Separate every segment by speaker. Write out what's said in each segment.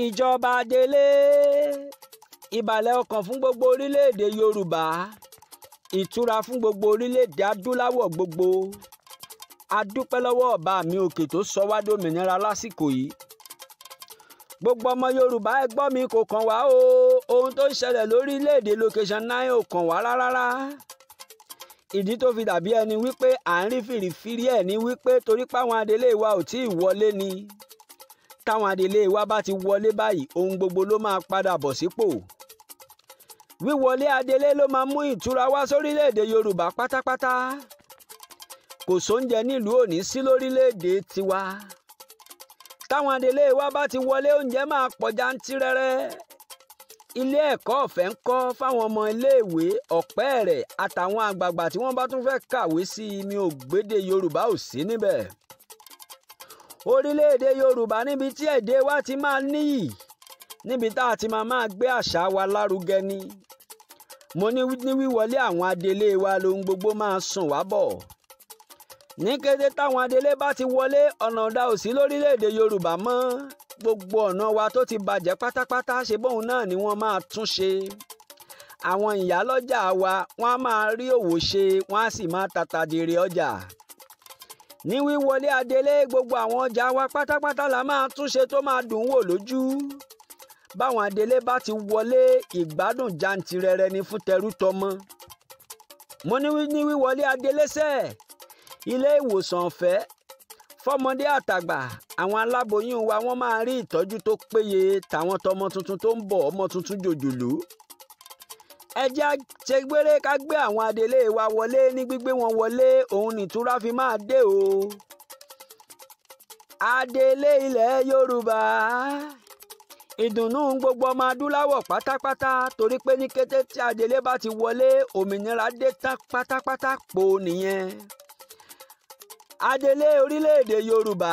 Speaker 1: ìjọba délé ìbàlẹ̀ ọkàn fún gbogbo orílẹ̀-èdè yorùbá ìtura fún gbogbo orílẹ̀-èdè adúláwọ̀ gbogbo adúpẹ́ lọ́wọ́ ọba mi òkè tó sọ wá dòmìnira lásìkò yìí gbogbo ọmọ yorùbá ẹ mi kò kàn wá o ohun tó ń ṣẹlẹ̀ lórílẹ̀‐èdè location nine ò kàn wá rárá ìdí tó fi dàbí ẹni wípé à ń rí fìrìfìrí ẹ̀ ní wípé torí páwọn adelé wa ò tí ì wọlé ni táwọn adelé wa bá ti wọlé báyìí ohun gbogbo ló máa padà bọ̀ sípò wíwọlé adelé ló máa mú ìtura wá sórílẹ̀-èdè Yorùbá pátápátá kò sóúnjẹ nílùú òní sí lórílẹ̀ tiwa táwọn adelé wa bá ti wọlé oúnjẹ máa pọ̀ jantirẹrẹ ilé ẹ̀kọ́ ọ̀fẹ́ ń kọ́ fáwọn ọmọ iléèwé ọ̀pẹ́ rẹ̀ àtàwọn àgbààgbà tí wọ́n bá tún fẹ́ kàwé sí i mi ò Yorùbá ò sí níbẹ̀ orílẹ̀-èdè yorùbá níbi tí èdè wa ti máa níyì níbi tá a ti máa máa gbé àṣà wa lárugẹ ni mo ní wíwọlé àwọn adelé wa lohun gbogbo máa sùn wá bọ̀ ní kété táwọn adelé bá ti wọlé ọ̀nà ọ̀dà òsì lórílẹ̀‐èdè yorùbá mọ́ gbogbo ọ̀nà wa tó ti bàjẹ́ pátápátá ṣe bóun náà ni wọ́n máa tún ṣe àwọn ìyálọ́jà wa wọ́n á máa rí òwò ṣe wọ́n á sì máa tàtàjèrè ọjà ní wíwọlé adelé gbogbo àwọn ọjà wa pátápátá la máa túnṣe tó máa dùn wò lójú báwọn adelé bá ti wọlé ìgbádùn jantirẹrẹ ni fún tẹrútọmọ mo ní ní wíwọlé adelé sẹ ilé ìwòsàn ọ̀fẹ́ fọmọdé àtàgbà àwọn aláboyún wa wọ́n máa rí ìtọ́jú tó péye tàwọn tọmọ tuntun tó ń bọ̀ ọmọ tuntun jòjòló ẹ jẹ́ á ṣe gbére ká gbé àwọn adelé wa wọlé ní gbígbé wọn wọlé òun nìtura fi máa dé o. adelé ilẹ̀ Yorùbá ìdùnnú gbogbo ọmọ adúláwọ̀ pátápátá torí pé ní kété tí adelé bá ti wọlé òmìnira dé tán pátápátá pò nìyẹn. adelé orílẹ̀-èdè Yorùbá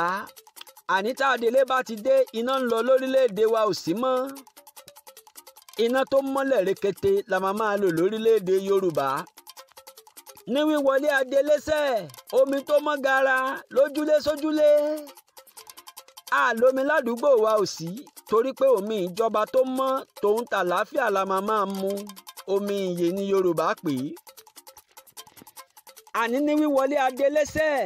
Speaker 1: àní tá adelé bá ti dé iná ń lọ lórílẹ̀-èdè wa ò sí mọ́ iná tó mọ́lẹ̀ rekete la máa máa lò lórílẹ̀‐èdè yorùbá ní wíwọlé adélẹ́sẹ̀ omi tó mọ́ gara lójúlé sójúlé àlómi ládùúgbò wa ò sí torí pé omi ìjọba tó mọ́ tòun tàlàáfíà la máa máa mu omi ìyè ní yorùbá pè é àní ní wíwọlé adélẹ́sẹ̀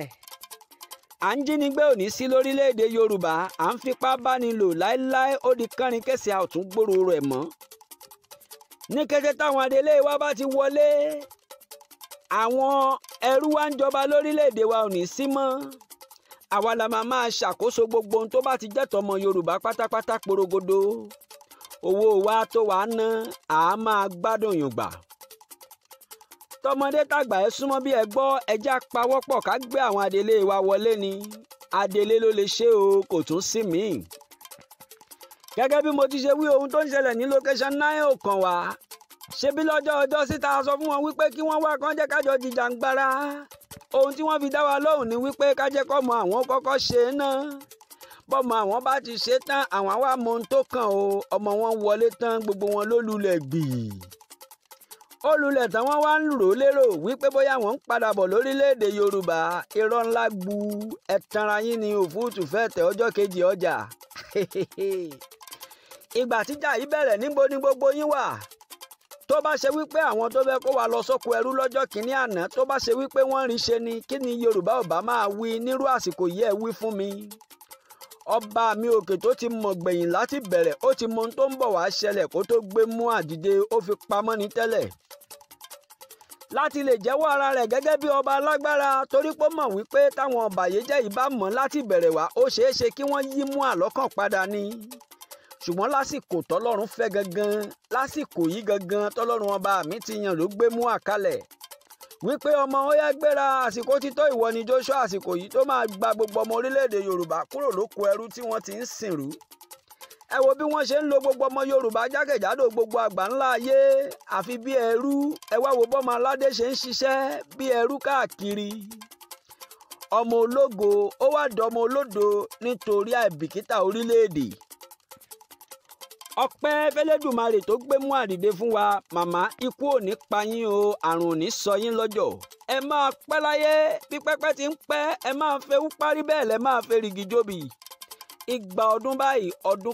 Speaker 1: à ń jínigbé òní sí lórílẹ̀‐èdè yorùbá à ń fipá báni lò láéláé ó di kánrin kẹsì àtúngbòrò rẹ̀ mọ́ ní kété táwọn adelé wa bá ti wọlé àwọn ẹrú wa ń jọba lórílẹ̀‐èdè wa ò ní sí mọ́ àwa la máa máa ṣàkóso gbogbo ohun tó bá ti jẹ́tọ̀ ọmọ Yorùbá pátápátá porogodo owó wa tó wàá ná à máa gbádùn yùngbà tọmọdé tàgbà ẹ súnmọ́ bí ẹ gbọ́ ẹjá pawọ́pọ̀ ká gbé àwọn adelé wa wọlé ni adelé ló lè ṣe o kò tún sí míì gẹ́gẹ́ bí mo ti ṣe wí ohun tó ń ṣẹlẹ̀ ní location nine ò kàn wá ṣebí lọ́jọ́ ọjọ́ síta sọ fún wọn wípé kí wọ́n wá kán jẹ́ kájọ jìjàǹgbara ohun tí wọ́n fi dá wa lóhùn ni wípé kájẹ́ kọ́mọ àwọn kọ́kọ́ ṣe é náà bọ́mọ àwọn bá ti ṣe tán àwọn àwa mọ ohun tó kàn o ọmọ wọn wọlé tán gbogbo wọn ló lulẹ̀ gbìyì ó lulẹ̀ tán wọ́n wá ń rò ó lérò wípé bóyá wọ́n ń padà bọ̀ lórílẹ̀‐èdè Yorùbá irọ́ ńlá gbu ẹ̀tanra yín ni òfúùtù fẹ́ tẹ̀ ọjọ́ kejì ọjà ìgbà tíjà yìí bẹ̀rẹ̀ níbo ni gbogbo yín wà tó bá ṣe wípé àwọn tó fẹ́ kó wa lọ sóko ẹrú lọ́jọ́ kìíní àná tó bá ṣe wípé wọ́n rí ṣe ni kí ni Yorùbá ò máa wí nírú àsìkò yìí ẹ wí fún mi ọba mi òkè tó ti mọ̀ gbẹ̀yìn láti bẹ̀rẹ̀ ó ti mọ ohun tó ń bọ̀ wá ṣẹlẹ̀ kó tó gbé mú àdìde ó fi pamọ́ ní tẹ́lẹ̀ láti lè jẹ́wọ́ ara rẹ̀ gẹ́gẹ́ bí ọba alágbára torí pé ó mọ̀ wípé táwọn ọ̀bàyéjẹ́ yìí bá mọ̀ láti bẹ̀rẹ̀ wá ó ṣeé kí wọ́n yí mú àlọ́kàn padà ni ṣùgbọ́n lásìkò tọ́lọ́run fẹ́ gangan lásìkò yìí gangan tọ́lọ́run ọba mi ti yan ló gbé mú àkálẹ̀ wípé ọmọ ó yá gbéra àsìkò títọ́ ìwọ ni Joshua àsìkò yìí tó máa gba gbogbo ọmọ orílẹ̀-èdè Yorùbá kúrò lóko ẹrú tí wọ́n ti ń sìnrú ẹ wo bí wọ́n ṣe ń lo gbogbo ọmọ Yorùbá jákèjádò gbogbo àgbà ńlá ayé àfi bí ẹrú ẹ wá wo bọ́mọ aládé ṣe ń ṣiṣẹ́ bí ẹrú káàkiri ọmọ ológo ó wá dọmọ olódo nítorí àìbìkítà orílẹ̀-èdè ọpẹ́ fẹlẹ́dùmarè tó gbé mú àdìde fún wa màmá ikú ò ní pa yín o àrùn ò ní sọ yín lọ́jọ́ ẹ máa pẹ́ láyé bí pẹ́pẹ́ ti ń pẹ́ ẹ máa fẹ́ wú parí bẹ́ẹ̀ lẹ́ máa fẹ́ rìgì jóbi ìgbà ọdún báyìí ọdún